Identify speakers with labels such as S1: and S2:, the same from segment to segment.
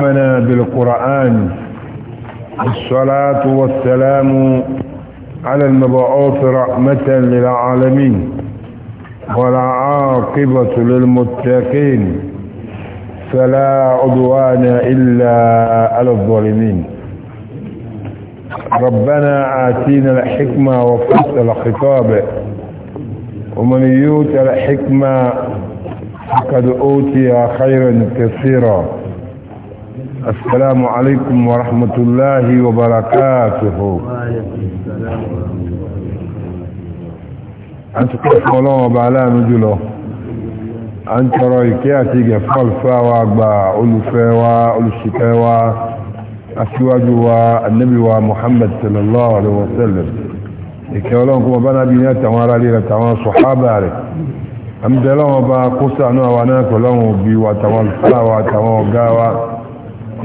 S1: علمنا بالقرآن الصلاة والسلام على المبعوث رحمة للعالمين والعاقبة للمتقين فلا عدوان إلا على الظالمين ربنا آتينا الحكمة وفصل الخطاب ومن يوت الحكمة فقد أوتي خيرا كثيرا السلام عليكم ورحمة الله وبركاته أنت قف الله وبعلا نجله أنت رأيك يأتيك فالفا وأقبع ألفا وألشكا وأسواج النبي ومحمد صلى الله عليه وسلم ìkẹ́ ọlọ́run kó bá nábi ní àtàwọn ará lè àtàwọn sọ̀hábà rẹ̀ àmì tẹ́lọ́wọ́n bá kó sànú àwọn náà pẹ̀lọ́wọ́n òbí wa ọ̀gá wa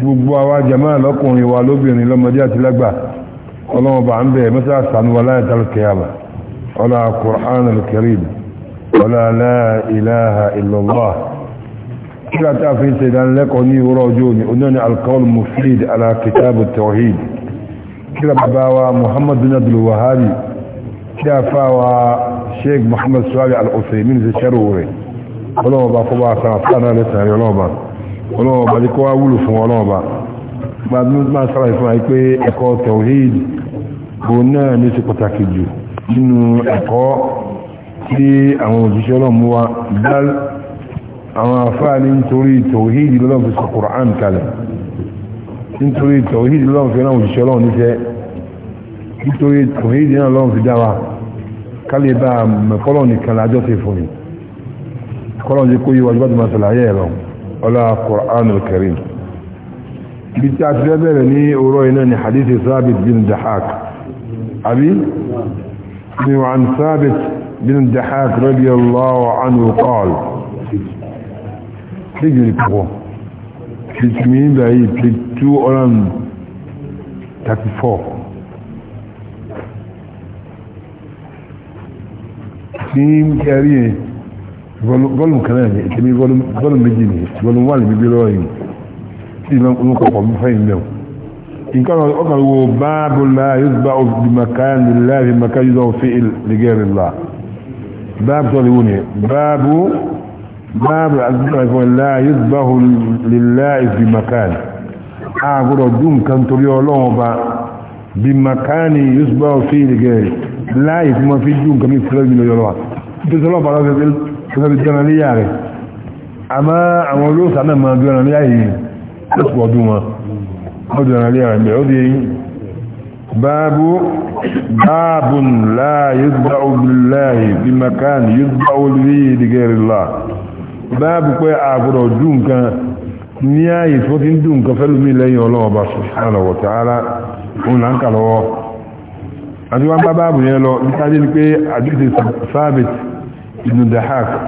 S1: gbogbo àwa jama lọ́kùnrin wa lóbìnrin lọ́mọdé àti lágbà ọlọ́wọ́ bá ń bẹ̀ mẹ́sà sànúwà láìtàlù kẹyàmà ọlá kùrán alkarim ọlá aláìláha ìlọ́lá kíra tá fi ṣe ìdánilẹ́kọ̀ọ́ ní ìwúrọ̀ ọjọ́ ni onáni alkaul mufid ala kitabu tawhid kíra bàbá wa muhammad bin abdul wahabi kí a fa wa sheikh muhammad suwali ọlọ́wọ́ bá ní kọ́ wá wúlò fún ọlọ́wọ́ bá máa sára ìfún àyí pé ẹ̀kọ́ tawhid bó náà ní ṣe pàtàkì jù nínú ẹ̀kọ́ tí àwọn òjíṣẹ́ ọlọ́mú wa dal àwọn afáà ní nítorí tawhid lọ́lọ́ fi sọ Qur'an kalẹ̀ nítorí tawhid lọ́lọ́ fi náà òjíṣẹ́ ọlọ́run níṣẹ́ nítorí tawhid náà lọ́run fi dáwà kálẹ̀ bá mẹ́kọ́lọ́ nìkan lájọ́ ti fún mi kọ́lọ́ ولا قرآن الكريم بالتعتبر لي أروينا حديث ثابت بن دحاك أبي وعن ثابت بن دحاك رضي الله عنه قال تجري كبه تجمين بعيد تجتو ألم تكفو تجمين كريم gọ́lùm kan náà ni ètèmí gọ́lùm méjì ni gọ́lùm wà ní bíbí lọ́wọ́ yìí tí ìmọ̀ olùkọ̀kọ̀ mú fẹ́yìn mẹ́wọ̀ nǹkan ọkàn wo báàbù la yusba bi makan lillahi makan yusba fi il ligeri la báàbù tó léwu ni báàbù báàbù àdúgbò la yusba lillahi bi makan a gbọdọ̀ dùn kan torí ọlọ́wọ́ ba bi makan yusba fi ligeri láì fi ma fi dùn kan mi fúlẹ́ mi lọ́wọ́ kẹfẹ́ bí dẹ́ran léyà rẹ̀ àmọ́ àwọn olóòsà náà máa dẹ́ran léyà yìí lọ́sùn ọdún wọn ó dẹ́ran léyà rẹ̀ mẹ́rin ó dé yìí báàbù báàbù la yusba'u billahi bí makan yusba'u bí ìdígẹ́rìlá báàbù pé àgbọ̀dọ̀ dùn nǹkan ní ààyè tó ti ń dùn nǹkan fẹ́lú mi lẹ́yìn ọlọ́ọ̀bá subhanahu wa بن دحاك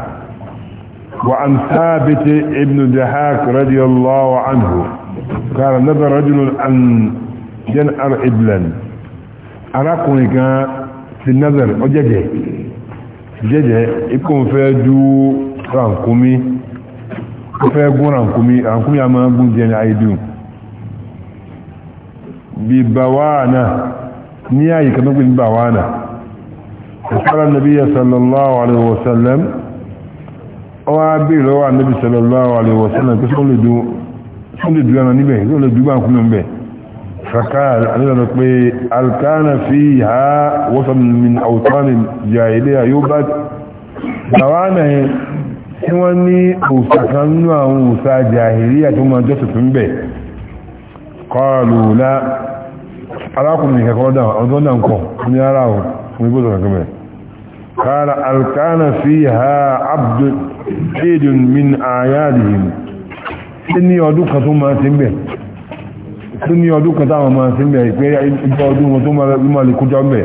S1: وعن ثابت بن دحاك رضي الله عنه قال نظر رجل أن جنأر إبلا أراكم كان في النظر أججه ججه يكون فيجو رانكمي فيجو رانكمي رانكمي أما أقول جنأ عيدون ببوانا نياي كما قلت بوانا فقال النبي صلى الله عليه وسلم وابي لو النبي صلى الله عليه وسلم دو كسولدو سولدو انا نبه سولدو بان كنا نبه فقال هل كان فيها وطن من اوطان الجاهليه يوبد لوانا سواني اوسكنوا اوسا جاهليه ثم جسد نبه قالوا لا arákùnrin kẹkọọ dáa ọdún náà ń kọ ní ara ọ̀hún قال الكان فيها عبد عيد من اعيادهم اني ودك ثم تنبه اني ودك ثم تنبه يبقى يدون ثم ما لكجمع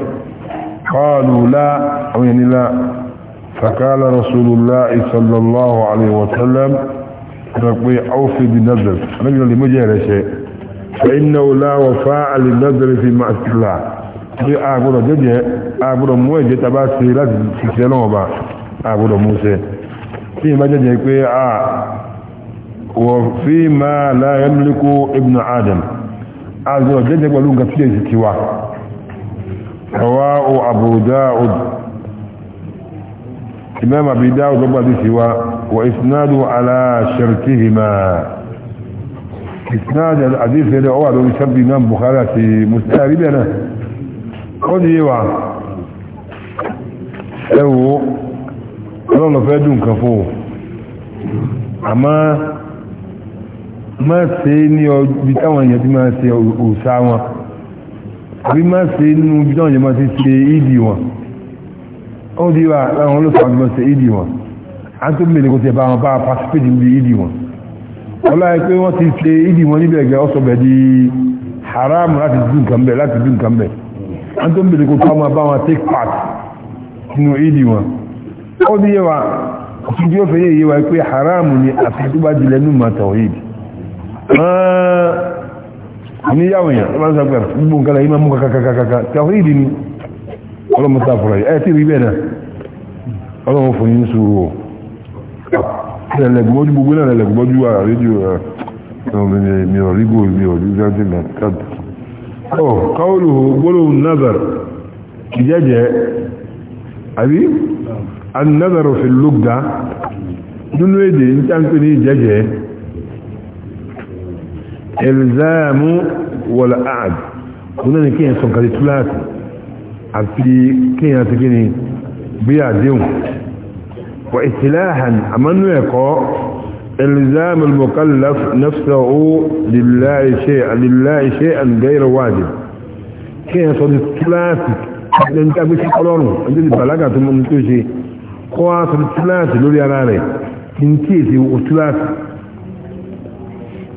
S1: قالوا لا او يعني لا فقال رسول الله صلى الله عليه وسلم ربي اوفي بالنذر نقول لمجهر شيء فانه لا وفاء للنذر في معصيه الله pé àgbọ̀dọ̀ jẹ́jẹ́ àgbọ̀dọ̀ mú ẹ̀jẹ̀ tàbá ṣe láti ṣiṣẹ́ náà ọba àgbọ̀dọ̀ mú ṣe tí ìbá jẹ́jẹ́ pé à wọ̀ fí máa láyé ibn adam àgbọ̀dọ̀ jẹ́jẹ́ pẹ̀lú nǹkan tí èsì tiwa رواه أبو داود إمام أبي داود أبو سوى وإسناده على شركهما ó ní wà ẹwò ọlọ́lọ́ fẹ́ dùn kan fún àmọ́ má ṣe ní ọbí táwọn èèyàn tí máa ṣe òòṣà wọn àbí má ṣe nínú ibi táwọn èèyàn máa ti ṣe ìdí wọn ó ní wà láwọn olóṣèlú àti máa ṣe ìdí wọn a tó mẹ́lẹ̀ kó ti bá wọn bá participate níbi ìdí wọn ọláyé pé wọ́n ti ṣe ìdí wọn níbẹ̀ gẹ́ ọ̀sọ̀ bẹ̀ di haram láti dùn kan bẹ̀ láti dùn kan bẹ̀ an tó ń bèèrè kò tó bá wọn take part nínú ìdí wọn ó ní yẹwà òfin ó wa pé haramu ni àfi tó bá dilẹ̀ ma ní ni ọlọ́mọ sáfúra yìí tí rí bẹ́ẹ̀ náà ọlọ́mọ fún yín sùúrù o lẹ́lẹ́gbọ́jú gbogbo náà na wa أوه قوله قوله النظر ججة أبي النظر في اللقدة دون ويدي انت انتني ججة إلزام ولا أعد هنا كي ينصن قد ثلاث عبتي كي ينتكني بيع ديون وإتلاحا أمنوا يقول الزام المكلف نفسه لله شيء لله شيء غير واجب كان صدي كلاسيك لان تابي شي قلون عندي البلاغه تم توشي كوا صدي كلاسيك لوري انا ري كنتي سي وكلاس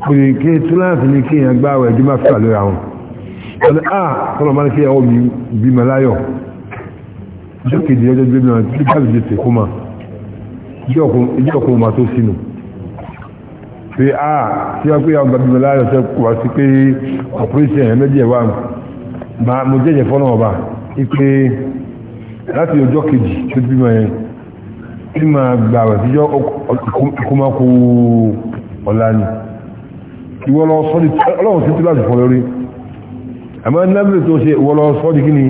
S1: كي كي كلاس ني كي اغباوي جما فالو ياون انا اه كل ما كي او بي ملايو جوكي ديجا بي ما تي كابجيتي كوما جوكو جوكو ما تو pé a ah, tí wọ́n pé àwọn gbàgbé láàrín ọ̀sẹ̀ kò wá sí pé ọ̀pọ̀lọpọ̀ ẹ̀yàn méjì ẹ̀wà máa mo jẹ́jẹ̀ fọ́nà ọba ipe láti ọjọ́ kejì tó bímọ yẹn tí máa gbà rẹ̀ síjọ́ ìkómákó ọ̀la ni ìwọ lọ sọ di ọlọ́run sí tíláàsì fọ́ lórí àmọ́ nábìlì tó ṣe ìwọ lọ sọ di kí ni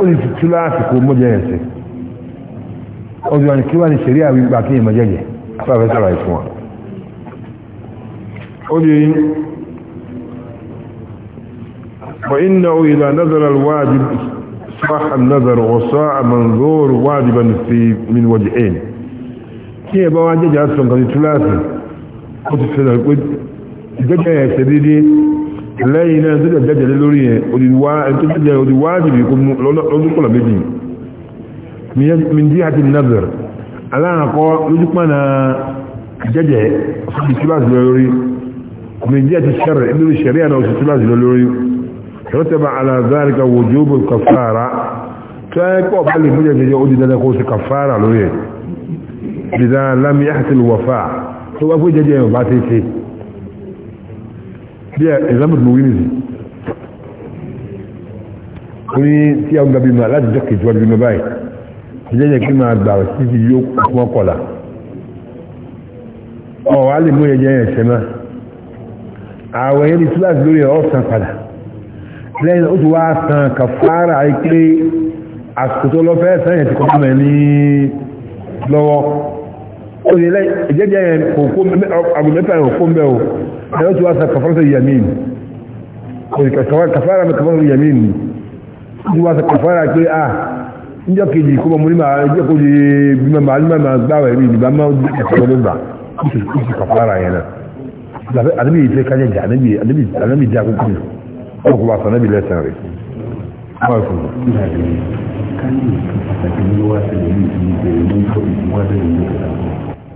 S1: ó ní tíláàsì kó mọ́jẹ́ ẹ̀sẹ̀ ọdún wa ni kí wá ní ṣẹ̀rí àwígbà kí ìmọ̀jẹ́jẹ́ afẹ́fẹ́ sára ìfún wa أولي وإنه إذا نزل الواجب صاح النظر وصاع منظور واجبا في من وجهين كي بواجب جاسم قد ثلاثة قد ثلاثة ìgbẹ́jẹ̀ ẹ̀ṣẹ̀ dédé lẹ́yìn náà tó jẹ́jẹ̀ lé lórí ẹ̀ olùwájìbì lọ́dúnkọ̀lọ̀ méjì mìíjí àti nazar aláàkọ́ lójúpàá na jẹ́jẹ̀ fún ìtúlásì lórí من جهة الشر إنه الشريعة لو ستلازل لوري رتب على ذلك وجوب الكفارة تاكو بالي مجد يجعود إذا لقوس كفارة لوري إذا لم يحصل وفاء هو أفو جدي يباتي شيء بيا إذا مدلوين ní tí a ń gabi ma láti jọ́kì jọ́ bí mẹ́bàá ìjẹ́ yẹ kí máa gbà sí أو yóò kọ́kọ́lá ọ̀wá lè mú àwẹ̀ yẹn ni síláàsì lórí ẹ̀ ọ̀sán padà lẹ́yìn ó ti wá san kàfàrà pé àsìkò tó lọ fẹ́ sẹ́yìn ti kọ́kọ́ mẹ́ ní lọ́wọ́ ó ní ìjẹ́jẹ́ yẹn àgbò mẹ́ta yẹn òkú mbẹ́ o ẹ̀ ó ti wá san kàfàrà sí yamin kàfàrà mi kàfàrà sí yamin ni ó ti wá san kàfàrà pé a ah, níjọ́ kejì kó mọ̀ ní màá jẹ́ kó di bí màá ní gbáwẹ̀ rí ìdìbà máa ń gbà kàfàrà yẹn náà ànábì yìí fẹ́ kájẹ́ jà ànábì dí akókò yìí wọ́n kò bá sọ ànábì lẹ́sẹ̀ rẹ̀ wọ́n fún un.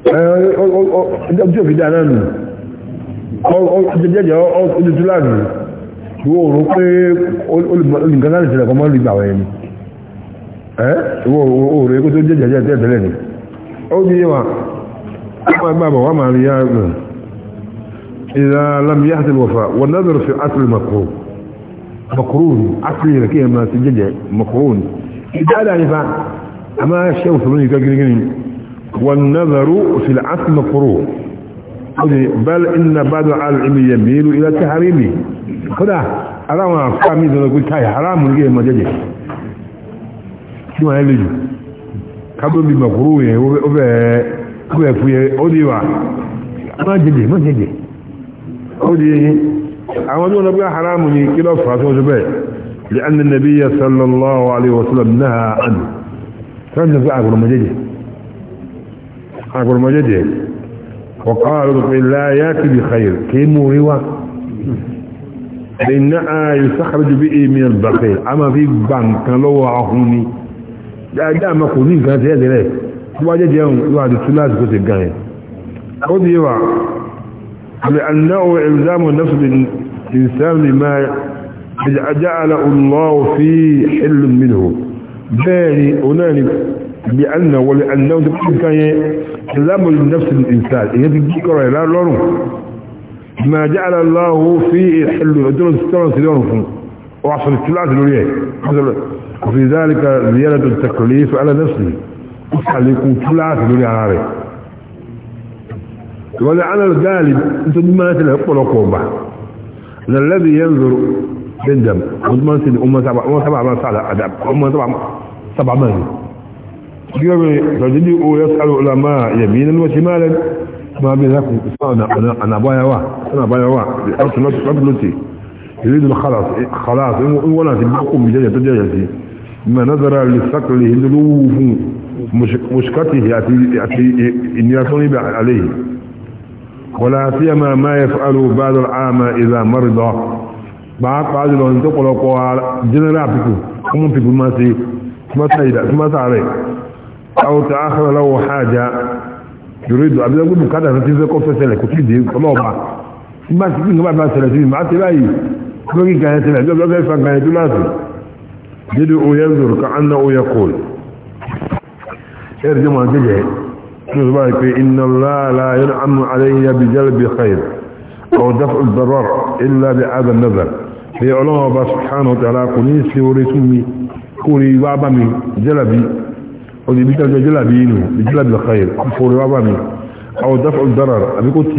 S1: ẹ̀ẹ́dẹ́gbẹ́ tí òfin dáa náà nù ọjọ́jẹ́jẹ́ ojútú láàrin ìwọ òrùn pé olùgbọ́n láti ṣẹlẹ̀ kan mọ́ lùgbà wẹ̀ ni ẹ́ ìwọ òrùn èkó tó jẹ́jẹ́jẹ́ tẹ́ẹ̀tẹ́lẹ̀ ni ó bí wà wọ́n máa gbàbọ̀ wọ́n máa rí yára إذا لم يحصل الوفاء والنظر في أصل المكروه مقرون أصل ركيه ما سجل مقرون إذا لا يفعل أما الشيء ثمانية كالجنين والنظر في العصل مقروه بل إن بعض العلم يميل إلى تحريمه خدا أرام أفكامي ذلك قلت هاي حرام لكيه ما جل شو هاي kábọ̀ bí mọ̀kúrú yẹn ó bẹ̀ẹ́ fúyẹ́ ó ó di yìí àwọn tó lọ́gbà haramu ni kí lọ fàásọ́ jù bẹ́ẹ̀ lè an nàbí ya sallallahu alaihi wasallam náà anu fi agurmajẹ́jẹ́ agurmajẹ́jẹ́ وقالوا لا ياتي بخير كي موريوا لانها يستخرج به من البخيل اما في بنك لو عهوني دا دا ما كوني كان ده واجه جاء واحد ثلاث كنت جاي لأنه إلزام النفس بالإنسان لما جعل الله في حل منه باني أناني لأنه ولأنه كان إلزام النفس الإنسان تذكر إلى الله ما جعل الله في حل دون سترون سلونكم وعصر الثلاث لليه وفي ذلك زيادة التكليف على نفسه يكون ثلاث لليه على عليه ولا على الغالب انت ما تلقوا قوبا الذي ينظر بندم وما سن أمة سبع أمة سبع ما سبع أدب أمة سبع سبع ما يقول رجلي أو يسأل علماء يمينا وشمالا ما بينكم أنا أنا أنا بايا وا أنا بايا وا أنت لا تقبلتي يريد الخلاص خلاص ولا تبقوا بجاية تجاية ما نظر لثقله لوف مشكته يأتي يأتي إن يصنب عليه ولا سيما ما يفعله بعض العامة إذا مرضى pàápàá jùlọ ní tó pọ̀lọpọ̀ general people common people ma ṣe mọ́ta rẹ̀ àwọn tàà àkàrà lọ́wọ́ hajjá yorídò abúgbùn bukada ti fẹ́ kọ́ fẹ́sẹ̀lẹ̀ kò tí dé ọlọ́ọ̀bá nígbà tí nígbà bá ṣẹlẹ̀ sí ma ṣe báyìí lórí gàyẹ̀ ṣẹlẹ̀ bí ọlọ́fẹ́ fa gàyẹ̀ تزبائك إن الله لا ينعم علي بجلب خير أو دفع الضرر إلا بهذا النظر في علوه سبحانه وتعالى قني سيوري سمي قولي بابامي جلبي قولي بجلب جلبي بجلب الخير قولي بابامي أو دفع الضرر أبي قلت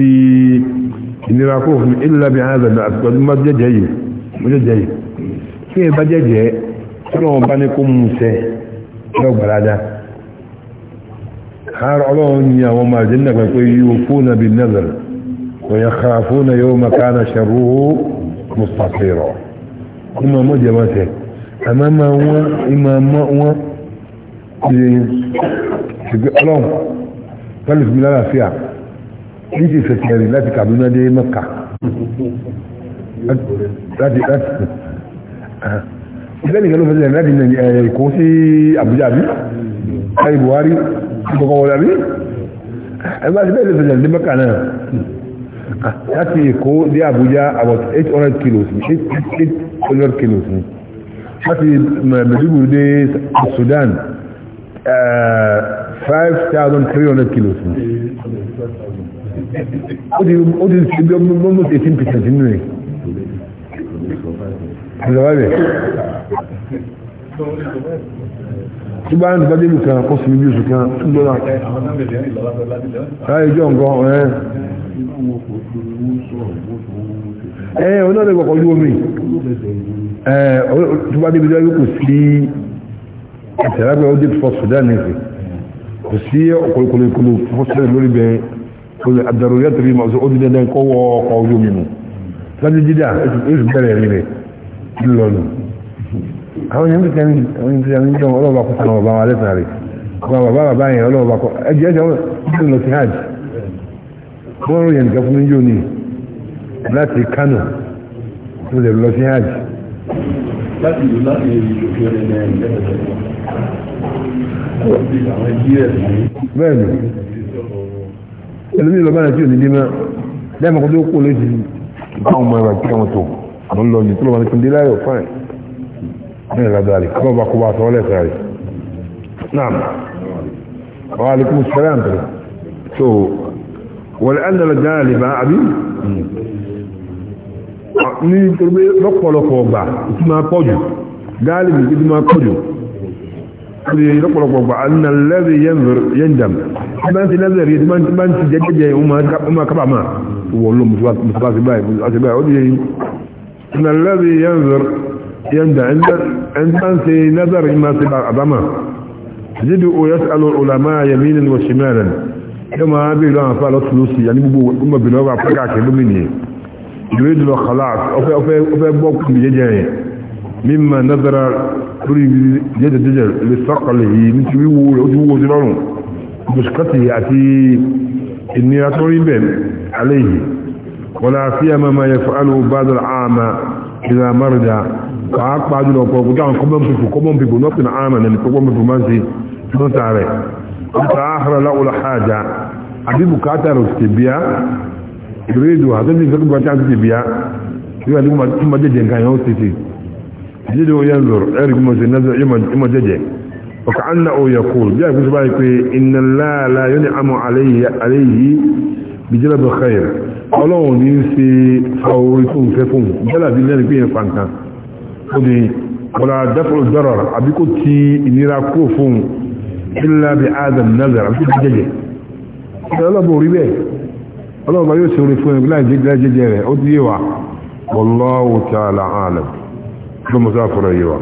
S1: إني راكوه إلا بهذا النظر ما جاجي ما جاجي كيف بجاجي كلهم بانكم موسى لو بلاده har ọlọ́run ni àwọn ọmọ àjẹ́nà pẹ̀pẹ́ yíò fóònà bí nẹ́zẹ̀rẹ̀ wọ́yẹ kàrà fóònà yóò makana ṣẹ̀rú mustapiro kuma mọ́ jẹ máa tẹ̀ àmá máa wọ́n ìmá mọ́ wọ́n ṣe ṣùgbẹ́ ọlọ́run pẹ̀lú ìfúnmi lálàáfíà ní ti fẹ̀sẹ̀ rìn láti Kaduna dé Mẹ́kà láti láti ìfẹ́ ló fẹsẹ̀ rìn láti Èkó sí Àbújá bí Buhari gbogbo wọlé àbí ẹgbẹ́ àti bẹ́ẹ̀ lè fẹ̀lẹ̀ lé mẹ́kà náà ah, láti èkó dé àbújá about eight hundred kilos ní eight hundred kilos ní láti mẹ̀lúgbùrú dé Sudan eh, five thousand three hundred kilos ní ó ti ṣe bí ọmọ eighteen percent nínú rẹ̀ ìjọba rẹ̀ tí bá ń dájú ìlú kan kó sì ní oṣù kan tó gbọ́nà
S2: láyé jọ nǹkan
S1: ẹ̀ ẹ̀ onáde gbọ̀kọ̀ ojú omi ẹ̀ tó bá débi dájú kò sí ìtẹ̀lágbẹ̀ ojú fọ́ Sudan nìfẹ̀ kò sí ọ̀kọ̀lẹ̀kọ̀lẹ̀ fọ́ Sudan lórí bẹ́ẹ̀ olè àdàrúyà tẹ̀lé ma ọ̀sọ̀ ojú dandan kọ́ wọ́ ọkọ̀ ojú omi mu lájú jídà èsì bẹ̀rẹ̀ rí rẹ̀ ńlọrọ̀ àwọn yẹn ń tẹ̀lé àwọn yẹn ń tẹ̀lé àwọn ọlọ́ọ̀bà kó sanu bàbá wa lẹ́sàn rẹ̀ ọba bàbá bàbá yẹn ọlọ́ọ̀bà kó ẹjẹ́ ẹjẹ́ wọn lọ sí hajj wọ́n rò yẹn nìkan fún yóò ní láti Kano tó lè lọ sí hajj.
S2: láti ìlú láti ìlú bẹ́ẹ̀ni
S1: ẹlòmíì lọ bá nàìjíríà ní dé máa lẹ́ẹ̀mọ́kọ́ tó kó lóṣìṣì báwọn ọmọ ẹ̀rọ àti àwọn tó àwọn lọ yìí غير ذلك ربع قبعة ولا ثالث نعم وعليكم السلام ترى سو ولأن الجانب عبي ní torí lọ́pọ̀lọpọ̀ ọgbà tí máa pọ̀jù gáàlìbì tí máa pọ̀jù ní lọ́pọ̀lọpọ̀ ọgbà annà lẹ́rẹ̀ yẹndàm tí máa ń ti lẹ́rẹ̀ yẹ tí máa ń ti jẹ́jẹ́ ọmọ kábàmà wọ́n lọ mùsùlùmí yanda an san sai nazarin masu ba'adama jidu yas'alu ulama yaminan wa shimalan kama bi lo afa lo tulusi yani gbogbo umma bi lo wa pa ka ke lumi ni yurid lo khalas ó fẹ́ ó fẹ́ ó fẹ́ bo kun je je mimma nadara turi je je je li saqalihi ni ti wi wo o ti wo ti lọ́rùn muskati inira tori be alayhi wala siyama ma yaf'alu ba'd al-ama idha marda pàápàá jùlọ ọ̀pọ̀ ọ̀gbọ̀n àwọn common people common people not in arm and common people máa ń ṣe fún tààrẹ̀ nípa àhàrà láwọlá àjà àbí bùkátà rẹ̀ ti bíá ìrèdò àtẹ́sí ìfẹ́kùn bá ti bíá yíwa ní kí máa jẹ́jẹ́ nǹkan yẹn ó ti ti jíde ó yẹn lòrò ẹ̀rì kí mo ṣe náà yíma jẹ́jẹ́ ọkà án náà kó bí àìkú sí báyìí pé iná láàlá yóò ní àmọ́ àléyìí bí jẹ́lẹ̀ bọ̀ káyẹ̀ ọlọ́run ní í ṣe fàórí fún ìfẹ́ fún jẹ́lẹ̀ bí lẹ́nu pé yẹn fa nǹkan òdì wọ́la dáfọ́ dọ́rọ̀ àbí kò ti ìnira kúrò fún ilá bí adam nazar àbí kò jẹjẹ ọlọ́bọ̀ orí bẹ́ẹ̀ ọlọ́bọ̀ yóò ṣe orí fún ẹgbẹ́ láì jẹjẹ rẹ̀ ó ti yé wa wallahu ta'ala alam ló mọ̀ sáà fọ́rọ̀ yé wa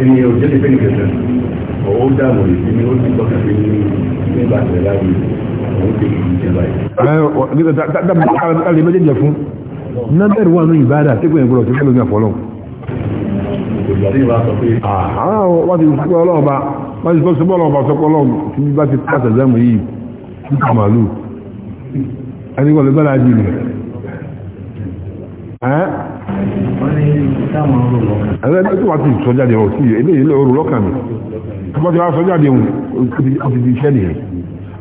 S2: ẹni ọjọ́ ìfẹ́ nìkẹta ọ̀wọ́ dàmù ìsinmi ó ti tọ́ka sí nígbàtẹ̀ láàrin
S1: alẹ́ méjèèjì fún nọ́mbẹ̀rì wà ní ìbáradà tí kò yẹn gbọ́dọ̀ tí kò lóyún àfọlọ́ wọ́n ti sọ́kọ́ ọlọ́ọ̀ba wọ́n ti sọ́kọ́ ọlọ́ọ̀ba sọ́kọ́ ọlọ́ọ̀ba tí bá ti pàṣẹ ìzámù yìí ní kàmàlù ẹni wọ́n lè bá láàájì rẹ̀ ẹ̀rẹ́ ẹgbẹ́ tó wà tí sọ́jáde ọ̀ sí eléyìí lọ́rùn lọ́kàn mi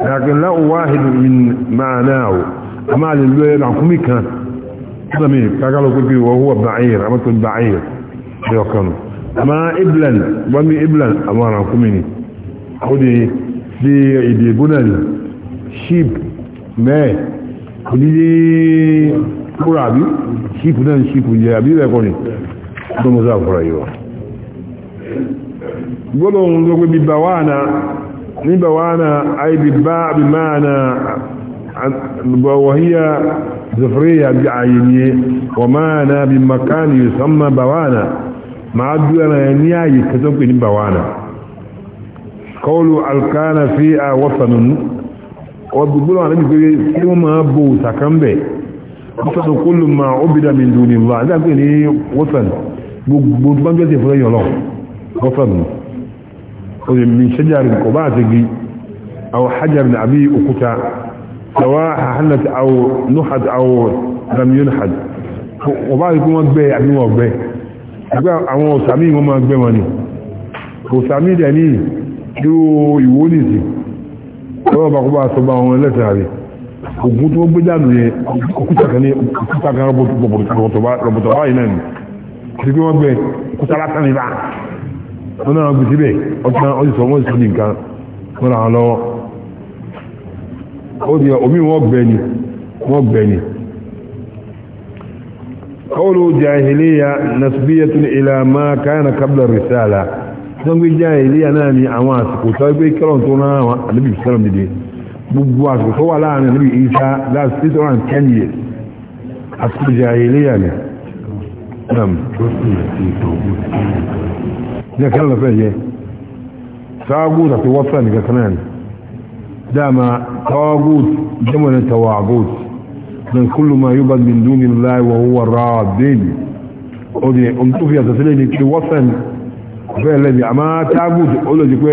S1: لكن لا واحد من معناه أما لله العقومي كان أمامي فقالوا كبير وهو بعير أما تقول بعير يوكانوا أما إبلا ومي إبلا أما العقوميني أخذي دي دي بنالي شيب ما دي كرابي شيب نان شيب جابي بيقولي دمزا فرأيوه gbọ́dọ̀ ohun ló gbé bíbá wà náà níbẹ̀ wá náà aibi bá bí máa náà bọ̀ wọ̀híyà zafiriya bí ayinye wọ máa náà bí makani yusamma bawana máa dúró náà ní ayé kẹsàn pè ní bawana kọlu alkana fi a wasanun ọdúgbùrọ̀ àwọn ìgbèrè tí wọ́n máa bò sàkánbẹ̀ wasanun kúlù ma ó bìdá min dúnilá oye min shajarin ko ba ta gi aw hajarin abi ukuta sawa hanat aw nuhad aw lam yunhad ko ba ko wọ́n gbé àbí wọ́n gbé àgbà àwọn osami wọ́n ma gbé wọn ni osami de ni ju ìwọ ni si ko ba ko ba so ba wọn le tare ogun tó gbé dànù yẹn òkúta kan ní òkúta kan rọ̀bọ̀tọ̀ báyìí náà ni kìí pé wọ́n gbé òkúta látàn ní báyìí wọ́n náà gbé síbẹ̀ ọ̀tún ọ̀sì sọ wọ́n sì sọ́dí nǹkan wọ́n ràn lọ́wọ́ ó di omi wọ́n gbẹ ni wọ́n gbẹ ni kọ́ọ̀lù jahiliya nasbiyatun ila ma risala tó gbé jahiliya náà ni àwọn àsìkò tó gbé kẹrọ̀n tó rán àwọn ànábì sẹ́rọ̀ dìde gbogbo àsìkò tó wà láàrin isa láti 610 years àsìkò nam ya kan lafiya ye tagut àti wọ́sà nìkan kan náà ni dama tagut jamanin tawagut don kullu ma yuba min dunin lai wa huwa rabin o de on tó fi àtàsílẹ̀ ni pé wọ́sà ni bẹ́ẹ̀ lẹ́bi àmá tagut ó lọ sí pé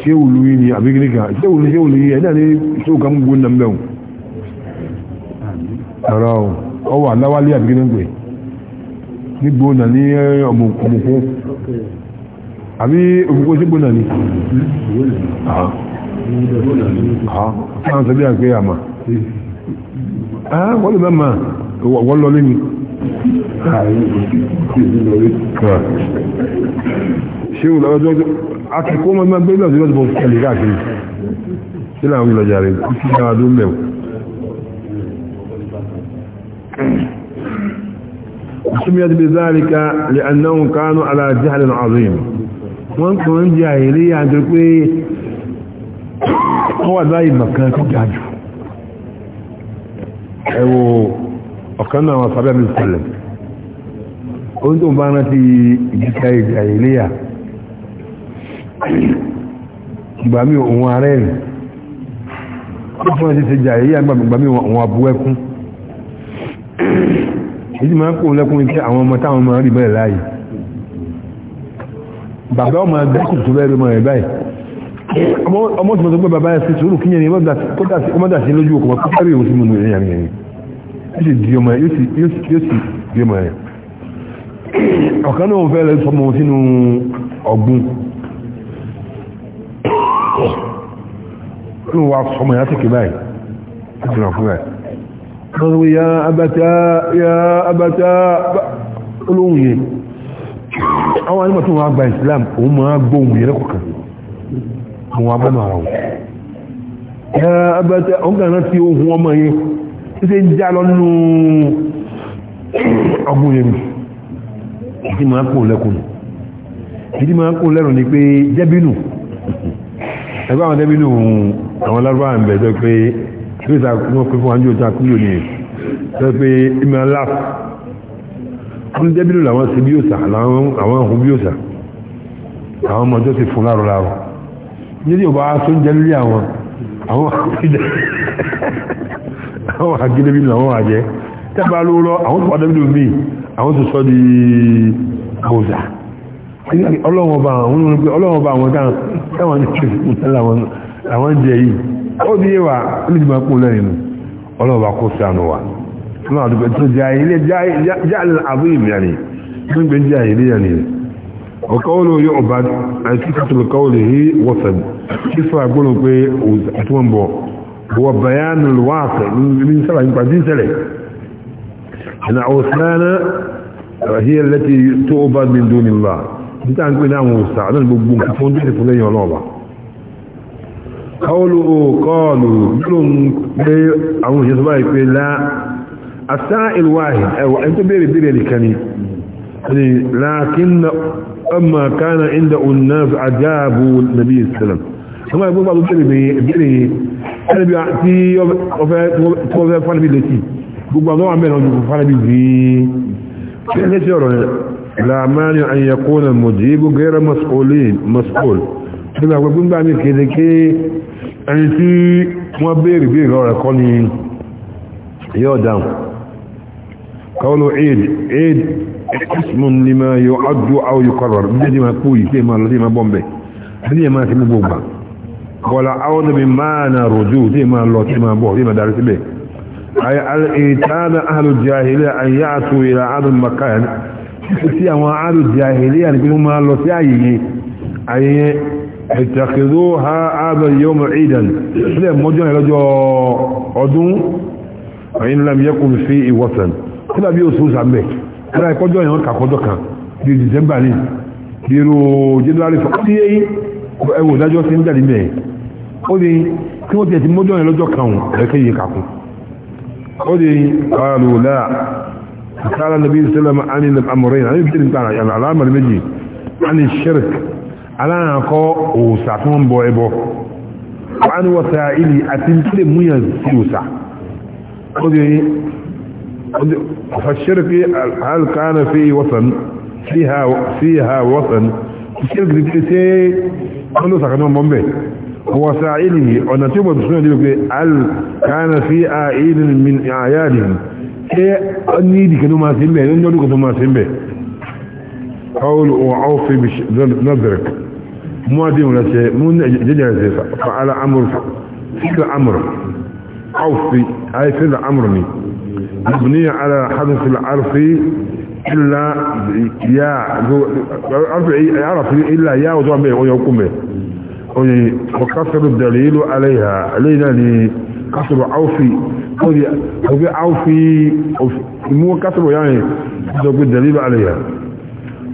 S1: ṣé yìí ni àbí kìnnìkan ṣé yìí ẹ̀ ni ṣé òkà ń gbóná ọ̀rọ̀ ọwọ́ àláwálé àbí kìnnìkan nígbónà ní eh, ọmọkùnkùn àbí òmùkùn sí gbónà ní ah. ah. àwọn tàbí àgbé àmà ah, wọ́n lè mẹ́mà wọ́n lọ lé mi ṣe ò lọ́jọ́ akẹ́kọ̀ọ́ mọ́ gbẹ́gbẹ́ ọ̀sẹ̀ lọ́jọ́ bọ̀ kẹlẹ̀ káàkiri sílẹ̀ àwọn ìlọ̀jà rẹ̀ kí ní àwọn adó mẹ́wọ̀ سميت بذلك لأنهم كانوا على جهل عظيم وانكم جاهلية عندك هو دائما كان تجاجه ẹwọ ọ̀kan náà wọn sábẹ́ mi sọlẹ̀ ó ń tó bá rántí ìgbésà ìgbàyẹ̀lẹ́yà ìgbàmí òun arẹ́rìn ó fún ẹ̀ ti ṣe jàyẹ̀lẹ́yà ìgbàmí òun abúwẹ́kún èyí máa kó lẹ́kùn ní àwọn ọmọ táwọn máa rí bẹ́ẹ̀ láàyè bàbá ọmọ agbẹ́kùn tó bẹ́ẹ̀ mọ̀ ẹ̀ báyìí ọmọ tí mo sọ pé bàbá ẹ̀sìn sùúrù kí yẹn ọmọ dàsí lójú okùn ọkọ̀ kárì òun sí mu nìyẹn yẹn yẹn yóò sì di ọmọ yóò sì di ọmọ rẹ̀ ọ̀kan náà fẹ́ lọ sọmọ sínú ọ̀gbun ó wà sọmọ yàtọ̀ kí báyìí قالوا يا أبتاء يا أبتاء قلوني أو أنا ما تقول عبا إسلام وما قومي لكوكا هو عبا ما رأوا يا أبتاء هم كان نفسي وهو ما يه إذن جعلوا أنه أبو يمشي ìdí máa kò lẹ́kùn ìdí máa kò lẹ́rùn ni pé jẹ́bínú ẹgbẹ́ àwọn jẹ́bínú àwọn lárúbáwà ń bẹ̀ẹ́ pé nígbà wọn pín fún àjò ta kúrò ní ẹ̀ pé ìmọ̀ láàpù wọn jẹ́ bílò làwọn sí bí òsà àwọn ọ̀hún bí òsà àwọn ọmọ ọjọ́ ti fún láàrọ̀ láàrọ̀ nílé ọba tó ń jẹ́ lórí àwọn àwọn àgídé bílò àwọn àjẹ́ tẹ́bà ló rọ àwọn tó padà bílò míì àwọn tó sọ di òsà ọlọ́wọ́n ọba àwọn táwọn ní ṣe fún tẹ́lẹ̀ àwọn jẹ yìí ó bí wà olùdìmọ̀ pò kó sànù wà náà dùgbẹ́ tó jahiliya jahiliya azim yani mun bin jahiliya ne wa qawlu yu'bad an sifatu qawlihi wasab kifa gulu pé atun bo huwa bayan alwaqi min sala min qadin sala ana awsana هي التي تؤبد من دون الله انت عندك نعم وسعنا قوله قالوا لهم أو جزبائك لا السائل واحد أو أنت بيري بيري لكني لكن أما كان عند الناس عجابوا النبي صلى الله عليه وسلم ثم يقول بعض بيري بيري أنا بيعطي توفي فان بيلتي gbogbo àwọn àmì ìrànjú fún fánàbí yìí kí ẹgbẹ́ tí ọ̀rọ̀ ẹ̀ láàmánì àyẹ̀kọ́ na mọ̀dí gbogbo ẹ̀rọ mas'ul nígbà gbogbo ńgbà ní kéde ké ẹni tí wọ́n béèrè béèrè ọ̀rẹ́ kọ́ ni yóò dáhùn kọ́lù aid aid ismun ni ma yóò adú àwọn yóò kọ́rọ̀ bí ẹni máa kú yìí pé máa lọ́dí máa bọ́m̀bẹ̀ bí ẹni máa ti gbogbo gbà kọ́lá àwọn mi máa na rojú tí máa lọ tí máa bọ̀ tí máa darí síbẹ̀ ay al اتخذوها هذا اليوم عيدا لا موجون لجو ọdún وإن لم يكن فيه وطن كلا بيو سوزا مي كلا يكوجو يان كاكوجو كان دي ديسمبر ني ديرو جنرال فقتي اي ewo dájọ́ tí ń jáde mẹ́ẹ̀ ó ní kí wọ́n ti ẹ̀tí mọ́jọ́ yẹn lọ́jọ́ kan ẹ̀kẹ́ yìí kàkún ó ní àlùlá قال النبي صلى الله عليه وسلم عن الأمرين عن الأمر méjì عن الشرك aláàkọ́ òòsà tó ń bọ ẹbọ wọ́n wọ́ta ilì àti tílé múyàn sí òòsà ó di ọ̀fàṣẹ́rẹ́kì alkana fi wọ́tàn sí ha wọ́tàn ṣẹ́rẹ́kì tí ṣe ọlọ́ sàkàtàn bọ́m̀bẹ̀ wọ́ta ilì ọ̀nà tí ó bọ̀ tún ní pé alkana fi a ilì min àyàdìn ṣe ní ìdìkẹ́ tó máa sí ń bẹ̀ ní ọdún kan tó máa sí قول وعوفي بنظرك muadin wala ce mun jajar ce fa ala amr fikr amr aw fi ay fi amr ni mabni ala hadf al arf illa ya arf arf illa ya wa dhambe wa yakum oye وكسر الدليل عليها علينا لكسر عوفي قولي عوفي مو كسر يعني دليل عليها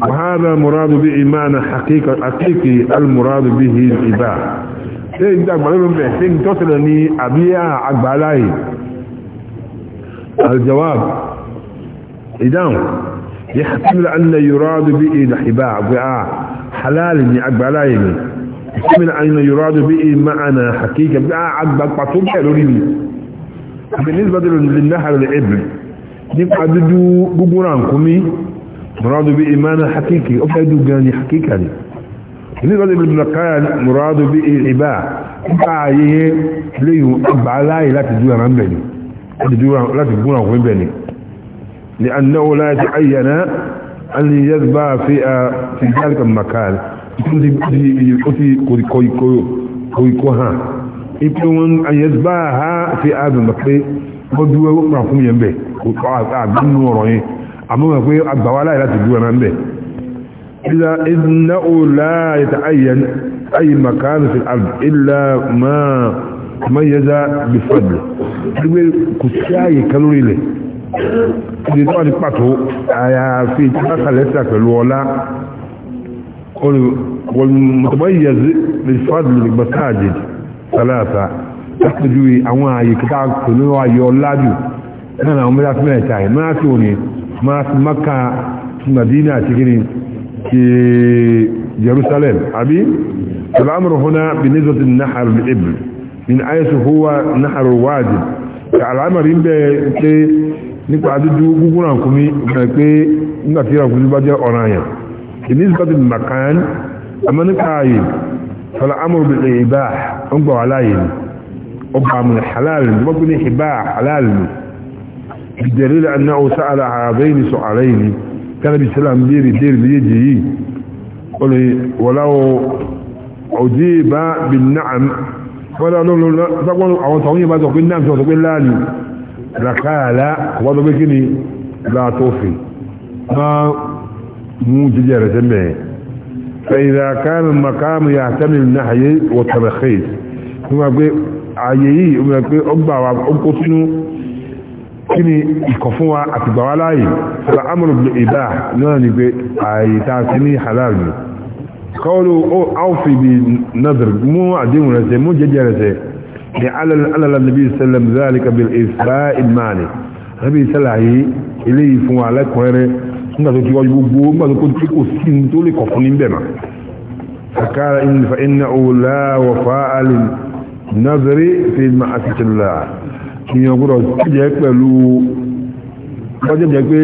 S1: وهذا مراد بإيمان حقيقة حقيقي المراد به الإباء إيه إنت أقبل من تصلني أبيع أقبلاي الجواب إذا يحتمل أن يراد به الحباء حلال أقبلاي يحتمل أن يراد به معنى حقيقة أقبل قطوب حلولي بالنسبة للنهر الإبن نبقى دجو بقران كمي مراد بإيمان حقيقي أفيد قاني حقيقة لي إذن رضي ابن قال مراد بإعباء أعيه ليه أبعلاي لا تدوها من بني لا تدوها من بني لأنه لا يتعين أن يذبع في في ذلك المكان يأتي كوي كوي كوي كوها يكون أن يذبعها في هذا المكان ودوه مفهوم ينبه وقعد أعبد نوره àmọ́gbà pé agbàwà láì láti dúwà náà bẹ̀ ìnáwó láàyè ta ayi makanu fi albi illa ma mayyaza bi fadli gbogbo kò sí ààyè kalórí lẹ̀ ìdí tó wà ní pàtó àyàfi ìtàkàlẹ́sà pẹ̀lú ọlá والمتميز بالفضل المساجد ثلاثة تحتجوي أواعي كتاب أنا أمرات ميتاي ما أتوني maka madina cikin ke jerusalem abi al'amur huna bi nahar al'ibl min aisu huwa nahar wajin ka al'amari bẹ pe nípa adúdú gúgúnra kúmí bẹ̀rẹ̀ pé nígbàtí ìrànkúmí bá jẹ́ ọ̀ranyàn ìníṣbàtí makan amma nípa ayé فالامر بالاباح انظر عليه ابقى من الحلال halal بدليل أنه سأل عابين سؤالين كان بالسلام ديري دير بيجي قل ولو عجيب بالنعم ولا لو لو تقول او تعوي تقول نعم تقول لا لي لقال وضع بكني لا توفي ما مو جدير سمعي فإذا كان المقام يعتمد النحي والترخيص ثم يقول عيي ثم يقول أبا وأبقى سنو kí ni ìkọ̀ fún wa àti gbà wá láàyè ṣọlá amúrù ìbá náà ni pé ààyè tá a ti ní halal ni kọ́ọ̀lù ó áwùfì bí nàdìr mú àdéhùn rẹ̀ sẹ́ mú jẹjẹ rẹ̀ sẹ́ ni alala وفاء للنظر في معصية الله ìyàn gbọ́dọ̀ jẹ́ pẹ̀lú ọjọ́ jẹ́ pé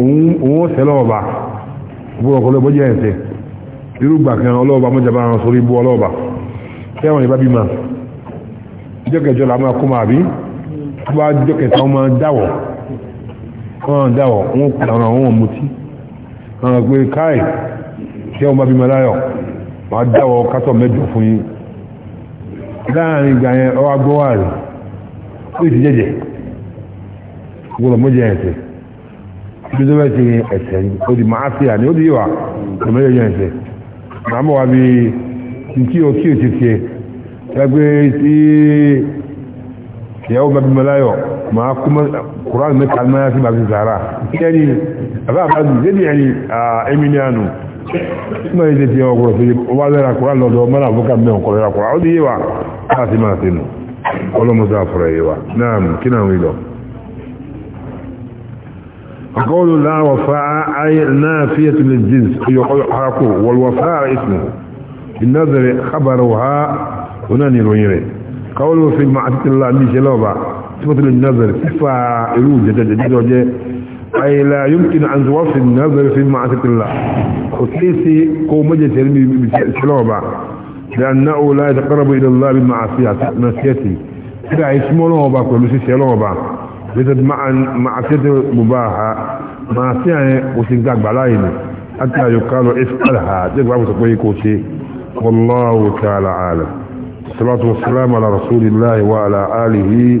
S1: òun ọ̀sẹ̀ lọ́ọ̀bà gbọ́dọ̀ kọlọ́ ẹ̀sẹ̀ irúgbà kan ọlọ́ọ̀bà mọ́jàbá ara sórí ibú ọlọ́ọ̀bà tẹ́wọ̀n ìbá bímọ jọ́kẹjọ́ la máa kó máa bí bá jọ́kẹta ọmọ dáwọ̀ láàrin ìgbà yẹn ọwọ́ agbọ́wà rẹ̀ ó ti jẹ́jẹ́ gbọ́dọ̀ mọ́ jẹ́ ibi tó bá ti ẹ̀sẹ̀ ni ó di máa ṣe àní ó di wà ọmọ yẹn jẹ́ ẹ̀sẹ̀ màá mọ̀ wá bí kí o kí o ti tiẹ̀ gbàgbé tí ìyàwó bàbí mọ́láyọ̀ máa kú kúrán mẹ́ta máa sí bàbí sàárà ẹni àbábàbí lẹ́bí ẹni ẹmìnìyànù mọ́ ìdẹ̀tì ọgbọ̀rọ̀ sí wà lẹ́ra kúrán lọ́dọ̀ mọ́nà àbúkà mẹ́ ọlọ́mọdé àfọ̀rẹ̀ wa náà kí náà wí lọ أقول لا وفاء أي نافية للجنس يحركه والوفاء اسمه بالنظر خبرها هناني الويني قوله في معرفة الله من جلوبة صفة للنظر صفة إلوجة جديد وجه أي لا يمكن أن توفي النظر في معرفة الله خصيصي قومجة جلوبة لأنه لا يتقرب إلى الله بمعصيته إذا اسمه له بقى كل شيء له بقى لذا مع معصيته مباحة معصية وسنقاق بلاين حتى يقال افعلها تقبع وتقويك شيء والله تعالى عالم الصلاة والسلام على رسول الله وعلى آله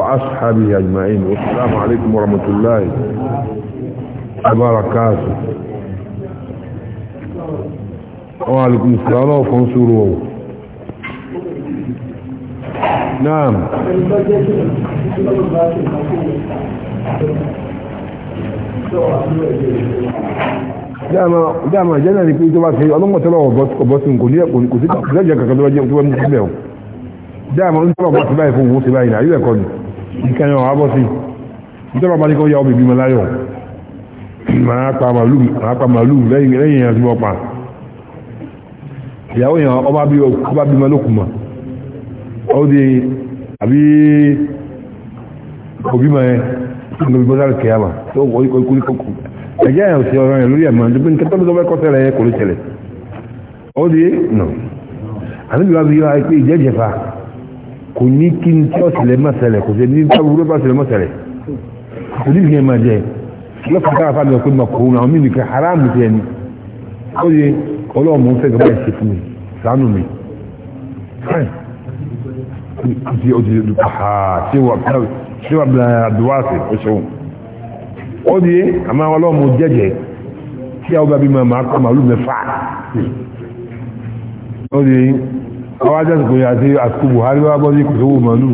S1: وأصحابه أجمعين والسلام عليكم ورحمة الله وبركاته àwọn alùpùpù ìsìláwọ́ náà fún sóòrò ọ̀wọ̀ náà dáàmà jẹ́nà ní pé tó bá ṣe ọlọ́mọ̀tọ́lọ́ ọ̀bọ̀sùn kò ní kò sí lẹ́jẹ̀ kankan tó bá jẹ́ tó bá mú sí bẹ̀rù dáàmà ń tọ́lọ̀ bá ti báyìí fún òun sí báyìí náà yóò ẹ̀kọ́ ni ìkẹyàn àwọn abọ́sí ìjọba bá ní kọ́ ya ọmọ ìbímọ láyọ̀ máa pa màlúù lẹ́yìn ẹ̀yìn àti mọ́ pa ìyàwó yàn ọba bí ọba bí mẹ́lòkù mọ̀ ó di àbí òbí mọ̀ ẹ́ lórí bọ́sàrì kẹyàmà tó wọ́n ikọ̀ ikú ikọ̀ kù ẹ̀jẹ̀ yàn sí ọ̀rọ̀ yàn lórí ẹ̀mọ́ ẹ̀jẹ̀ pé nǹkan tó bẹ́ kọ́sẹ̀ rẹ̀ kò lè tẹ̀lẹ̀ ó di nà àníbi wá bí wá pé ìjẹ́jẹ̀ fa kò ní kí n tí ọ̀sẹ̀lẹ̀ má ṣẹlẹ̀ kò sí ní ọlọ́run mo ń fẹ́ gbọ́dọ̀ ṣe fún mi ṣàánú mi fine àti ọdí ha ṣé wà ṣé wà bí adúwàsì ó ṣeun ó di yé àmọ́ ọlọ́run mo jẹ́jẹ́ tí a ó bá bí máa máa kọ́ màálù mẹ́fà ó di yé àwọn ajá sọ̀kò yà sí àsìkò Buhari wà bọ́ sí kò sówó màálù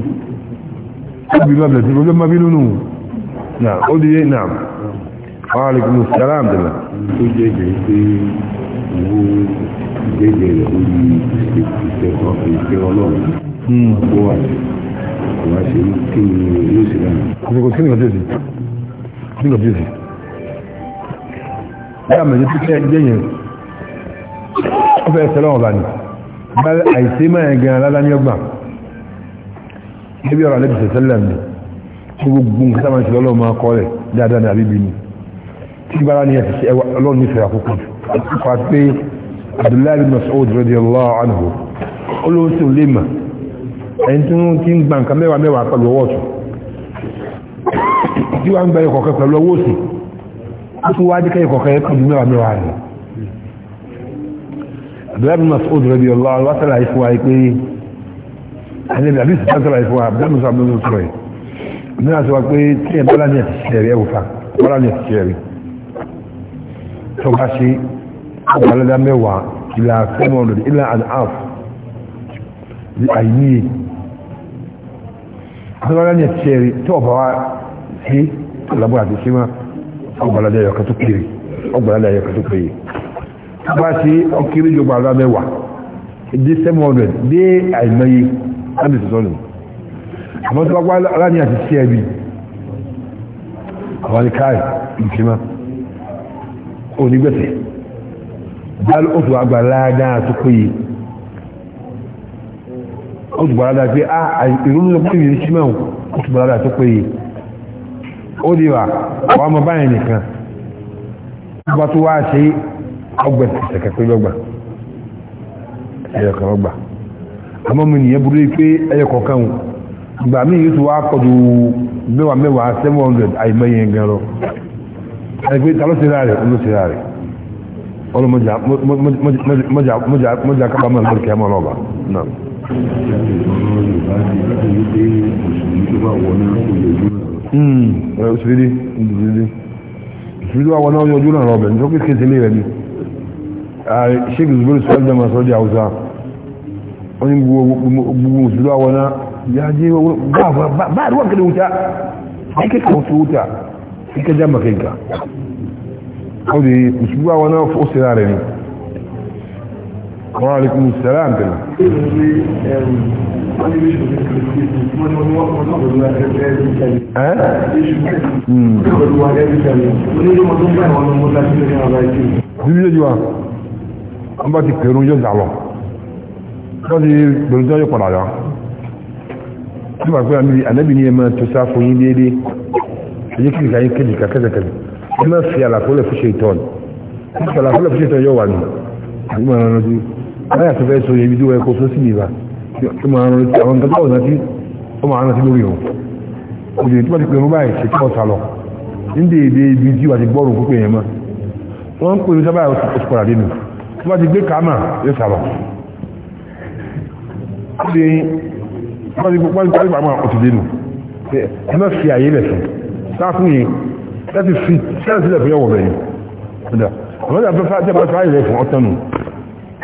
S1: ó bí má bẹ̀rẹ̀ sí ló má bínú nù ó di yé nà wàhálà ìkùnú sàlámù dìlà ìwú ìgbéjẹ rẹ̀ lórí
S2: ìṣẹ́kọ̀ọ́ ìṣẹ́ ọlọ́run tó hmm. wà kò wá ṣe kí ni yóò ṣe
S1: dáná. kòkòrò kí ni ọjọ́ ìdí kí ni ọjọ́ ìdí bí àmì ní pípẹ́ jẹ́yìn ó fẹ́ ṣẹlẹ̀ ọ̀bà ni àìsí máa gan aládá ní ọgbà níbi ọ̀rọ̀ alẹ́bí sẹ̀sẹ̀lẹ̀ mi tí gbogbo nǹkan sábà ń ṣe lọ́lọ́ máa kọ́ rẹ̀ dáadáa ní àbíbí ọlọ́run nífẹ̀ẹ́ àkókò jù àti abdullahi masoud radiyallahu anhu olóòtú lèmà ẹni tí wọ́n ti ń gba nǹkan mẹ́wàá mẹ́wàá pẹ̀lú ọwọ́ ọ̀tún tí wọ́n ń gba ìkọ̀kẹ́ pẹ̀lú ọwọ́ òsì ó tún wá díkẹ́ ìkọ̀kẹ́ pẹ̀lú mẹ́wàá mẹ́wàá rẹ̀ tó bá ṣe ọgbàlẹ́dá mẹ́wàá ìlà 700 ìlà and half di àìníye àtọ́gbàlá ní ẹ̀tẹ́ rí tó ọba wá sí ọlọ́bọ̀ àti símá ọgbàlẹ́dá ẹ̀yọ̀ká tó kéré ọgbàlẹ́dá ẹ̀yọ̀ká tó kéré tó bá ṣe ọkéré jù ọgbàlẹ́dá mẹ́wàá dé 700 dé àìmọye láti sọ́nù àmọ́ tó bá gbá aláníyàn ti sí ẹbí àwọn ni káì ìkímá onígbẹ̀sẹ̀ báyìí ó tún àgbà láàdáa tó péye ó tún a ìrúnú ló pé ìrísí mẹ́wọ̀n ó tún gbàládà tó péye ó di wà àwọn ọmọ báyìí nìkan bá tó wá ṣe ọgbẹ̀sẹ̀ kẹfẹ́ lọ́gbà ẹ̀yọ̀kan lọ́gbà àmọ́ mi nìyẹn burú pé ẹ̀yọ̀kan ẹgbẹ́ ta ló ṣe láàrẹ̀ ló ṣe láàrẹ̀ ọlọ́ mọ́jà kábà máa lórí kẹ́mọ́ lọ́ba náà. òṣèré òṣèré wa wọnà ọjọ́ náà rọ̀bẹ̀ nítorí kí kéèké lè rẹ̀ ni sheikh zubairu sọ́jà máa sọ́jà haúsá wọ́n ní gbogbo òṣèré wa wọnà yáa jẹ́ báà báà báà rí wọ́n kéde kíkẹ́ já mọ̀ kíkà ó di ìṣubú àwọn náà ó sì rárẹ̀ ni wọ́n alikun sẹ́lá àǹtẹ̀lá. bíbí yé jùlọ an bá ti pèrò yóò zà lọ wọ́n ti pèrò yóò padà yá. Tí wàá pé àmì ànábì ni ẹ máa tó sáfò yín déédéé yíkìrì kan yíkìrì kan kẹ́kẹ́kẹ́ ẹ má fi àlàfo lẹ fún ṣètọ́n fi àlàfo lẹ fún ṣètọ́n yóò wà nù àbí máa rán lójú báyà tó fẹ́ so ibi tó wẹ́ kó fún sí ìlera tó máa rán lójú àwọn nǹkan tó wọ̀ náà tí ó máa rán sí lórí òun òjò tó bá ti pè mú báyìí ṣe kọ́ sálọ níbi èdè ibi tí wà ti gbọ́rù púpọ̀ yẹn mọ́ wọ́n ń pè ní sábà oṣù padà dénú tó bá ti gbé kàámà yóò sálọ ó lè wọ́n ti pàmò òtù dénú ẹ má fi àyè lẹ̀ fún un sáfún yìí láti fi sẹ́ẹ̀sì lẹ̀ fún yọ̀wọ̀ bẹ̀yìn ọ̀dà àwọn ìjà fẹ́fẹ́ àti àbáṣá ilẹ̀ fún ọ̀tọ̀ nù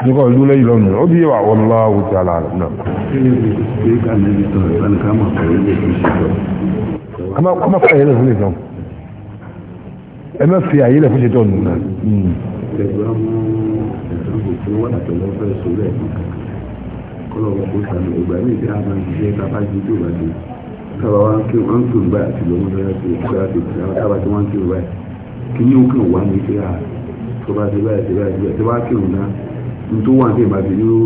S1: nígbà ìlú lẹ́yìn lọ́nù ó bí wà wallahu ta'ala náà. kọ́má fà yẹlẹ̀ fún ìtàn ẹ má fi àyè lẹ̀ fún ìtàn nù náà.
S2: kọ́lọ̀ ọ̀pọ̀ sàmì ìgbà ní ìdí àbájú ìjọba sábà wá ń kí wọ́n ń tún báyìí àti lọ́wọ́ lọ́wọ́ ti ìṣẹ́ àti ìṣẹ́ àwọn sábà tí wọ́n ń tún báyìí kí ní òkè wà ní ìṣẹ́ à
S1: tó bá ti báyìí ti báyìí ti bá kí òun náà ní tó wà ní ìbàdí ní ó.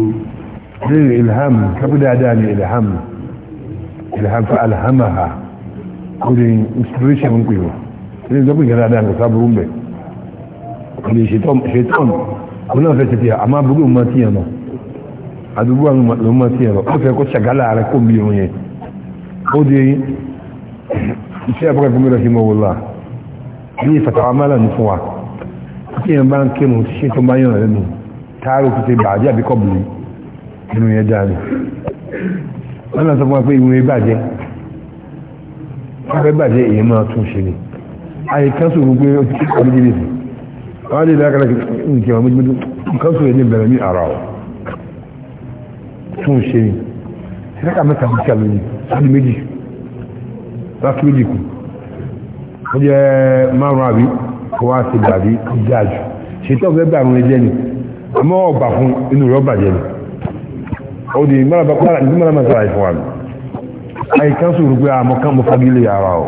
S1: ní ilham kábí dáadáa ní ilham ilham fa alhamaha ó di inspiration ń pè wọ́n ní ìjọba ìgbà dáadáa nǹkan sábúrú mbẹ ní ṣetán òun náà fẹ́ ti fi àmọ́ àbúrò máa tiẹ̀ lọ àdúgbò àwọn máa tiẹ̀ lọ ó fẹ́ kó ṣàgálà rẹ kó mi òun ó di iṣẹ́ ẹ̀bọ́n ẹ̀gbọ́n mẹ́rẹ̀ sí mọ́ wọlá ní ìfàtàwà mẹ́lẹ̀ ní fún wa kí èèyàn bá ń ké mu ṣe tó bá yàn lẹ́nu táàrù kò ṣe bàjẹ́ àbí kọ́bùlì nínú yẹn dáadé wọ́n náà sọ fún wa pé ìwé bàjẹ́ wọ́n bàjẹ́ èèyàn máa tún ṣe ni àyè kánṣu gbogbo ọdún jíjẹ sí wọ́n á lè dá kára nǹkan ọmọ jíjẹ kánṣu yẹn ní bẹ̀rẹ̀ ní àrà ọ̀ tún ṣe ni ṣe sáàdì méjì láti méjì kù ó jẹ́ márùn-ún àbí kó wá sí ìgbàdí jáàjù ṣètò ọ̀fẹ́ bá àwọn ẹjẹ́ ni àmọ́ ọ̀bà fún inú rẹ̀ ọ̀bàjẹ́ ni ó di gbọ́nàmọ́ sára ìfún wa ni àìkán sòrò pé àmọ́ ah, kán mo fagilé ara ọ̀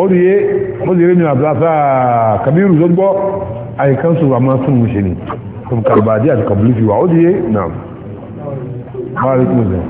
S1: ó di yé mo lè rí ní àbúrásá kabiru tó gbọ́ àìkán sòrò àmọ́ tún mo ṣe ni kọ̀ọ̀kọ̀ àbàdí àti kọ̀ọ̀bùlù fi wà ó di yé náà Báyìí kò lẹ̀.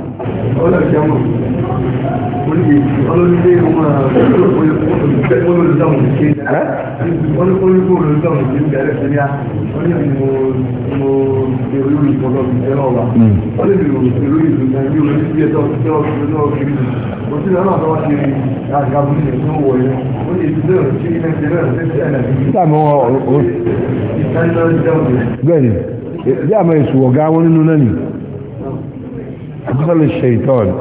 S1: Bẹ́ẹ̀ni, bí àmọ́ ìṣòwò ga wọn nínú náà nìí. الشيطان للشيطان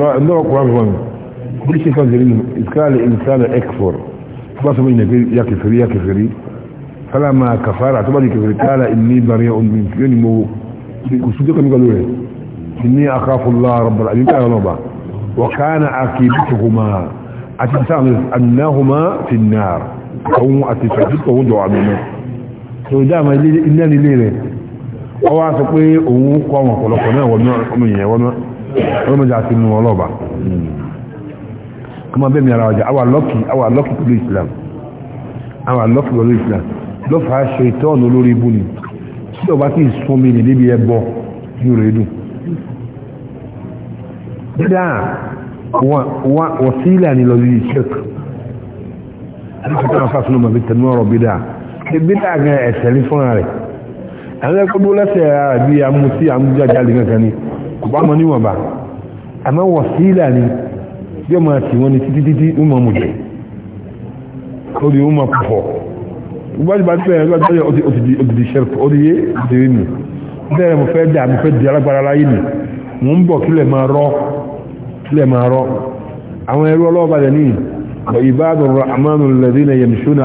S1: عندنا قرآن هون كل شيطان جليل إذكار الإنسان اكفر بس من يا كفري فلما كفر اعتبر كفري قال إني بريء يعني من كلمه وصدق من قالوا إيه إني أخاف الله رب العالمين قال نوبة وكان عاقبتهما أتسامس أنهما في النار أو أتسامس ودعوا عمنا فدام إنني ليلة ọ wá sọ pé òun kọ́ àwọn ọ̀pọ̀lọpọ̀ náà wọ́n ọmọ ìyẹn wọ́n ọlọ́mọdé àti inú ọlọ́ọ̀bà kọmọ bẹ́ẹ̀ mi ara ọjà àwa lọ́kì àwa lọ́kì pẹ̀lú Islam àwa lọ́kì pẹ̀lú Islam lọ́fà ṣe ìtọ́ọ̀nù olórí ibú ni tí ọba tí ìsún mi nì níbi ẹbọ ní orí dùn dídá wọ̀sílà ni lọ lórí ṣẹ́kù àti ṣẹ́kù àwọn fásitì náà mọ̀ bí tẹnu ọ̀rọ̀ bídà bídà ẹ̀sẹ̀ ní fúnra rẹ̀ àwọn ẹgbẹ́ gbogbo lẹ́sẹ̀ àbí amúsí amújájálì kankan ni kò bá mọ níwọ̀nba àmọ́ wọ̀ sí ìlà ni bí ọmọ àti wọn ni títí títí ó mọ mùjẹ ó di ó mọ pọ̀ gbogbo àti bàtí bẹ̀rẹ̀ lọ́dọ̀ yẹ òdìdí ṣẹ́fù ó di yé òdìdí nì bẹ́ẹ̀ mo fẹ́ dà mo fẹ́ di alágbára láyé nì mò ń bọ̀ kílẹ̀ máa rọ́ kílẹ̀ máa rọ́ àwọn ẹrú ọlọ́ọ̀bà dẹ̀ ní ìbáàdùn rahmanu lẹ́dínà yẹmṣúnà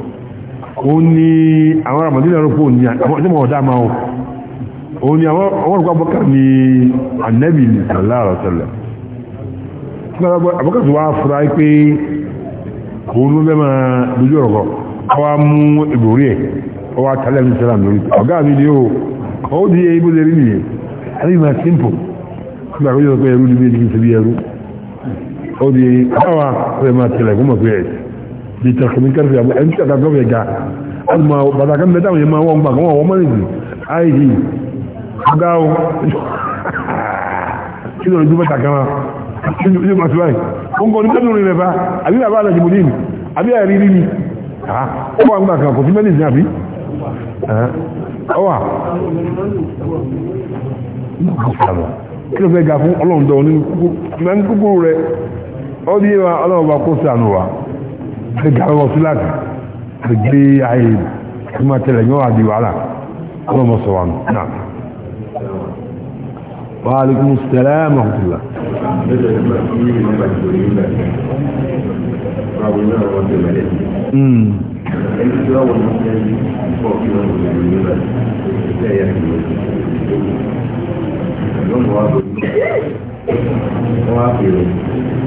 S1: ó ní àwọn ramadina rúpò ní àwọn ọjọ́ ọ̀dá máa ó ní àwọn ọ̀rọ̀kọ́ abọ́kà ní anẹ́bì sallallahu alaihi wasallam abọ́kà tó wá fúra pé òun ló bẹ́ máa lójú ọ̀rọ̀kọ́ wá mú ìbòrí ẹ̀ wá tàlẹ́ ní sẹ́lá lórí ọ̀gá mi ni ó ó di ibú lè rí nìyẹn àti ìmọ̀ simple nígbà kó di tarkamin karfi abu an ka gaggau ya ga amma ba za kan da dama yamma wani ba kuma wani mani ne aihi gawo kino ni duba takama kino masu bai kun gani kanu ne ba abi ba ala jibulin abi ya riri ni ha o wa ngba kan ko ti mani zabi ha o wa kilo be ga fún Ọlọ́run do ni ku àti gàlọ́wọ́ síláàtì àti gbé ayé tó máa tẹ̀lẹ̀ yọ́ àdì wàhálà ọlọ́mọ sọ wà náà wa alaikumus wọ́n
S2: wọ̀ ní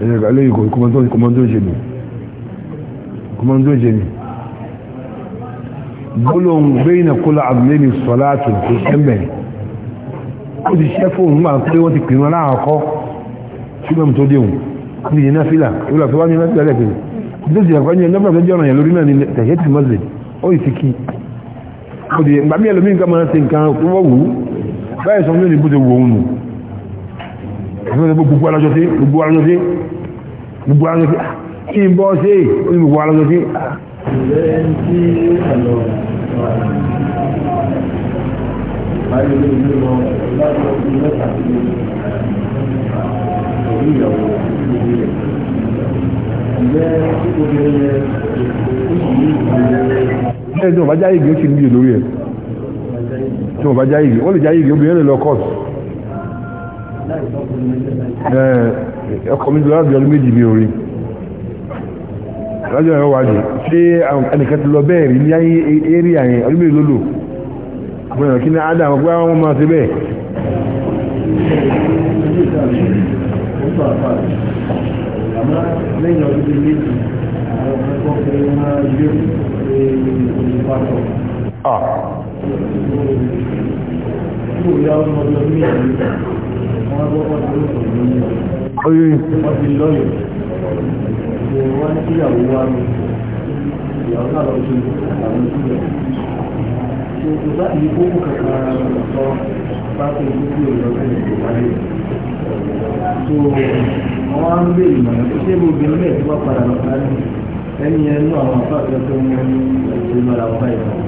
S1: ẹ̀yẹ̀ kàlẹ́ yìí kọmọdún ṣe ni kọmọdún ṣe ni gbólóhùn bẹ́yìn kólà àbúlẹ́ni sọ́láàtù kò sẹ́mẹ̀ ó ti ṣẹ́ fún òun máa pé wọ́n ti pìnrán láàkọ́ ṣúgbọ́n tó déhùn ó ti yẹ náà fílà ìwọ́n àti wọ́n ní náà fílà lẹ́kẹ̀ẹ́ ìdó ti yàgbọ́n yẹn lọ́pàá fẹ́jọ́ ọ̀ràn yẹn lórí náà ni tẹ̀yẹ́ ti mọ́sílẹ̀ ó ì ti kí ó ti yẹ gbàmí ẹlòmíì nǹkan máa ń ṣe nǹkan wọ́wù báyìí sọ lónìí bó ti wò òun nù gbogbo alájọ́ sí gbogbo alájọ́ sí gbogbo alájọ́ sí ah, kí n bọ́ sí oní gbogbo alájọ́ sí ah. ẹ̀ẹ́dùn ọ̀bájá ìgbé ó sì ń bí olórí ẹ̀ tí wọ́n bá jáyìgì wọ́n lè jáyìgì obìnrin lè lọ kọ́ọ̀tù ọkọ̀ mi lọ́dọ̀ ọdún méjì mi ò rí lájọ́ ẹ̀rọ wájú ṣé ẹnìkan ti lọ bẹ́ẹ̀ rí ní ayé eré àyẹn ọdún méjì lólò àwọn èèyàn kí ní adam pé àwọn máa ṣe bẹ́ẹ̀
S2: lẹ́yìn ah. Oye. Wọ́n ti lọ́yẹ̀. Wọ́n ní ìyàwó wa ní ìyàwó náà lọ sí àwọn ìpínlẹ̀. Ṣé o bá ní kókò kankan sọ bá tó gbogbo ìlọ́gbẹ̀ ìgbòwáyé? So, wọ́n á ń bèèrè ìmọ̀ràn tó ṣé gbogbo ilé ìtura padà lọ sáré. Ẹni ẹnu àwọn àpá àti ọjọ́ wọn ní ìṣèlú ara wọn báyìí.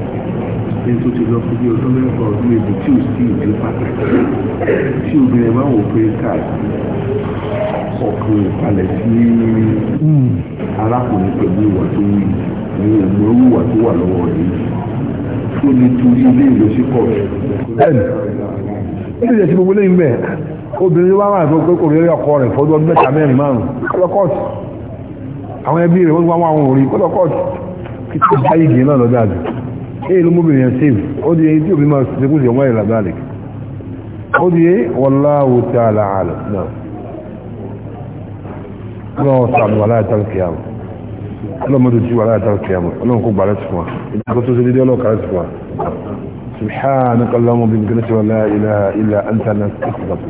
S2: ní tó ti lọ fún bí ọdún mẹ́fà ọdún èdè tí ò sí ìdí pàtàkì tí obìnrin máa wò pé káàkiri ọkàn ìpalẹ̀ sí arákùnrin pẹ̀lú ìwà tó wù ní ẹ̀mú owó ìwà tó wà lọ́wọ́ rẹ̀ tó
S1: ní torí ilé ìlọsíkọ̀ bẹ́ẹ̀ni ilé ìjẹsí gbogbo lẹ́yìn bẹ́ẹ̀ obìnrin wá wà pé kò rí ọkọ rẹ̀ fọdún ọdún mẹ́ta mẹ́rin márùn-ún kọ́lọ́kọ́ọ̀tù àwọn ẹbí rẹ̀ wọ́n wá wọn ò rí kọ́lọ́kọ́ọ̀tù kí tó bá yìí náà lọ́dọ̀ àjò èyí ló mọ́bìnrin yẹn save ó di èyí tí òbí máa ṣe kúrò wáyé làbálẹ̀ ó di èyí wallahu ta'ala alam náà lọ́wọ́ sàmì wà láyé tàbí kìyàmù ọlọ́mọdé tí wà láyé tàbí kìyàmù ọlọ́run kó gbà láti fún wa ìdájọ́ tó ṣe dédé ọlọ́ọ̀kà láti fún wa subhanaka allahumma bi ilaha illa anta nastaghfiruka